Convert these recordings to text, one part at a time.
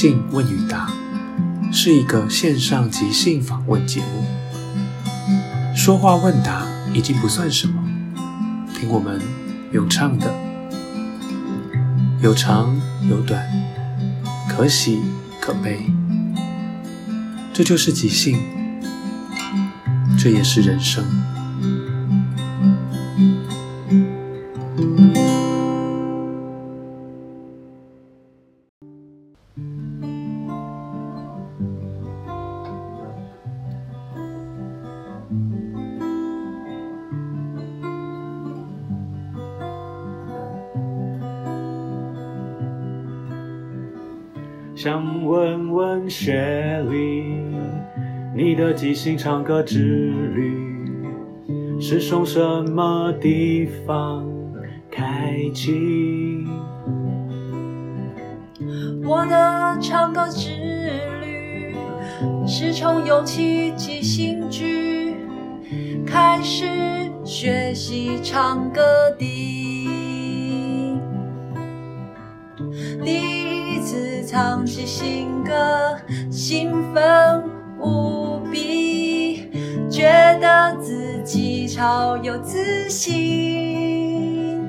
《即興問與答》是一個線上即興訪問節目，說話問答已經不算什麼，聽我們詠唱的，有長有短，可喜可悲，這就是即興，這也是人生。想問問雪麗，你的即興唱歌之旅是從什麼地方開啟？我的唱歌之旅是從勇氣即興劇開始學習唱歌的。唱起新歌，興奮無比，覺得自己超有自信。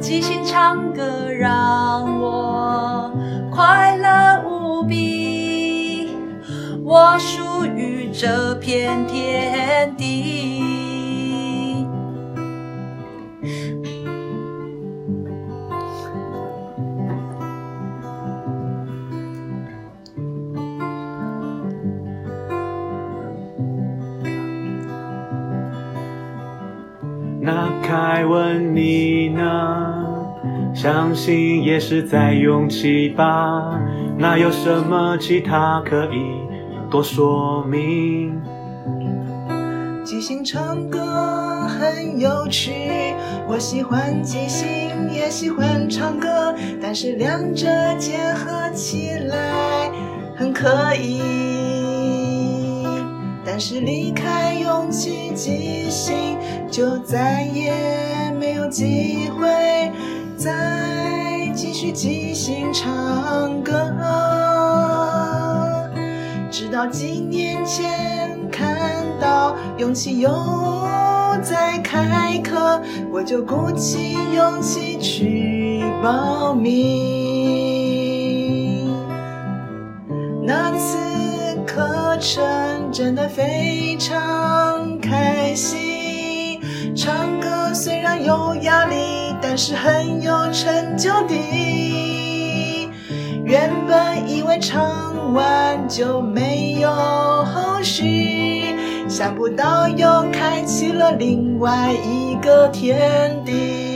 即興唱歌讓我快樂無比，我屬於這片天地。相信也是在勇氣吧，那有什麼其他可以多說明？即興唱歌很有趣，我喜歡即興，也喜歡唱歌，但是兩者結合起來很可以。但是離開勇氣即興，就再也沒有機會。再繼續即興唱歌，直到幾年前看到勇氣又再開課，我就鼓起勇氣去報名。那次課程真的非常開心。唱歌雖然有壓力，但是很有成就地。原本以為唱完就沒有後續，想不到又開啟了另外一個天地。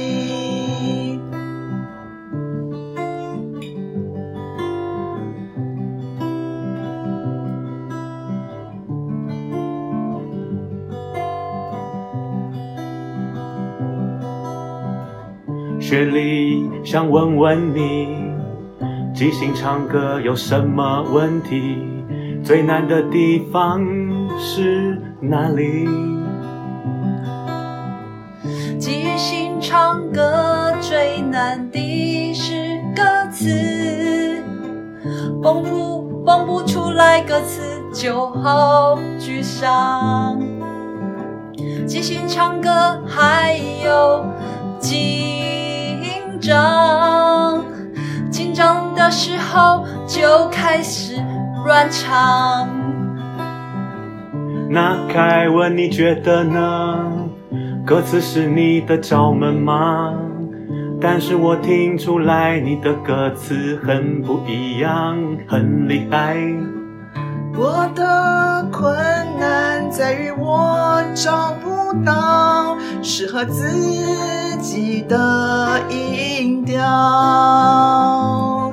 雪麗想問問你，即興唱歌有什麼問題？最難的地方是哪裡？即興唱歌最難的是歌詞，蹦不蹦不出來，歌詞就好沮喪。即興唱歌還有緊緊張的時候就開始亂唱。那凱文，你覺得呢？歌詞是你的罩門嗎？但是我聽出來你的歌詞很不一樣，很厲害。我的困在於我找不到適合自己的音調，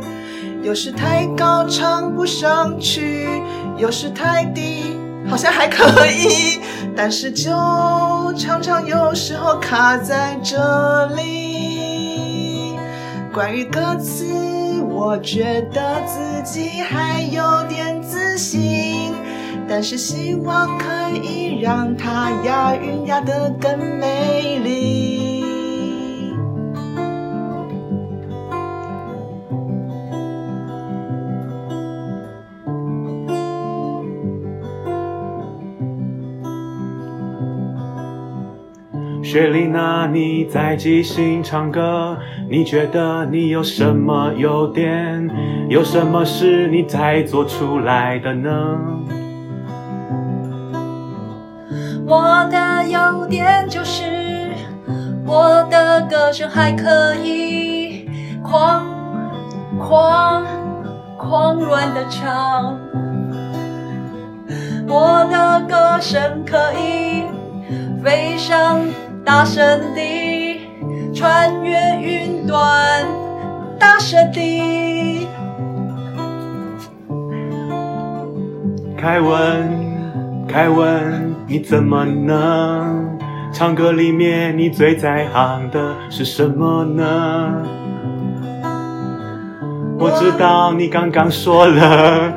有時太高唱不上去，有時太低，好像還可以，但是就常常有時候卡在這裡。關於歌詞，我覺得自己還有點自信。但是希望可以讓它押韻押得更美麗。雪麗，那，你在即興唱歌，你覺得你有什麼優點？有什麼是你才做出來的呢？我的優點就是我的歌聲還可以，狂狂狂亂的唱。我的歌聲可以飛上大聲地穿越雲端，大聲地。凱文，凱文。你怎麼呢？唱歌裡面你最在行的是什麼呢？我。我知道你剛剛說了，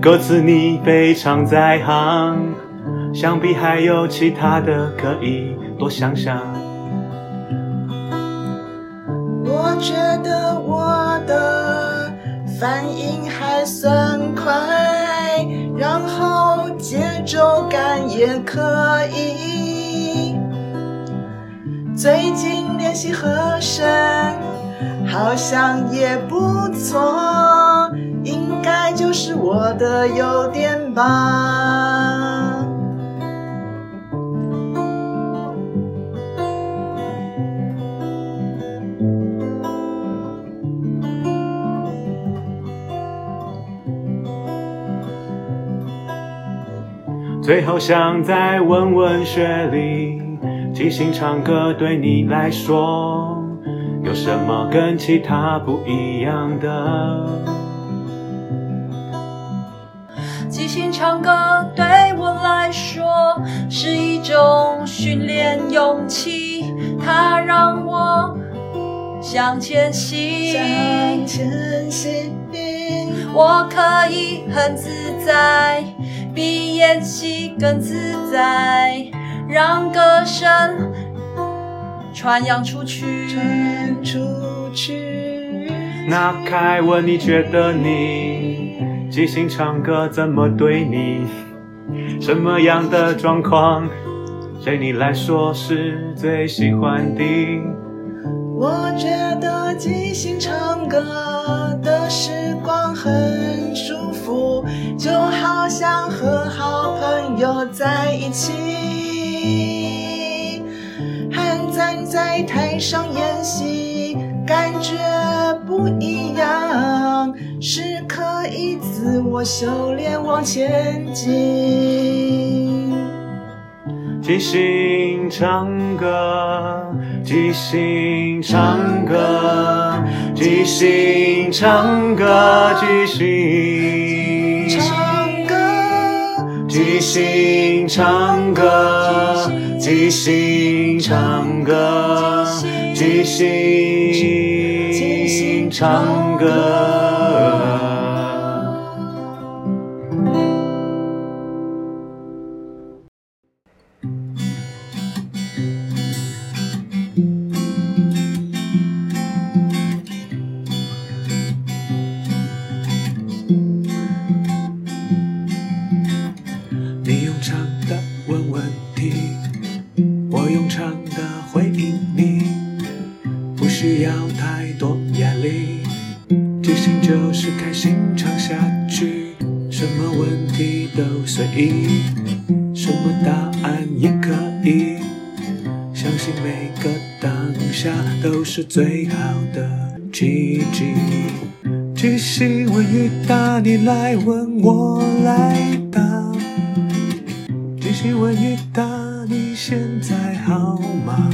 歌詞你非常在行，想必還有其他的可以多想想。我覺得我的反應還算快。然後節奏感也可以，最近練習和聲好像也不錯，應該就是我的優點吧。最後想再問問雪麗，即興唱歌對你來說，有什麼跟其他不一樣的？即興唱歌對我來說，是一種訓練勇氣，它讓我向前行。前行我可以很自在。比演戲更自在，讓歌聲傳揚出去。傳出去，那凱文，你覺得你即興唱歌怎麼對你？什麼樣的狀況對你來說是最喜歡的？我覺得即興唱歌的時光很舒服。就好像和好朋友在一起，和站在台上演戲，感覺不一樣，是可以自我修煉往前進。即興唱歌，即興唱歌，即興唱歌，即興。即即興唱歌，即興唱歌，即興唱歌。是最好的奇蹟。即興問與答，你來問，我來答。即興問與答，你現在好嗎？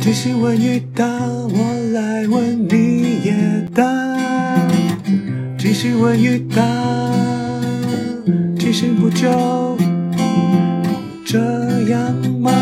即興問與答，我來問你也答。即興問與答，即興不就這樣嗎？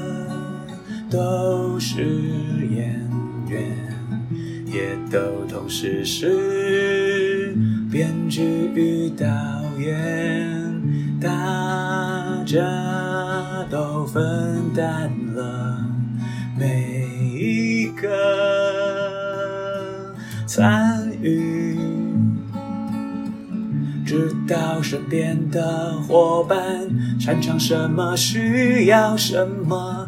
都是演員，也都同時是編劇與導演，大家都分擔了，每一個參與，知道身邊的夥伴擅長什麼，需要什麼。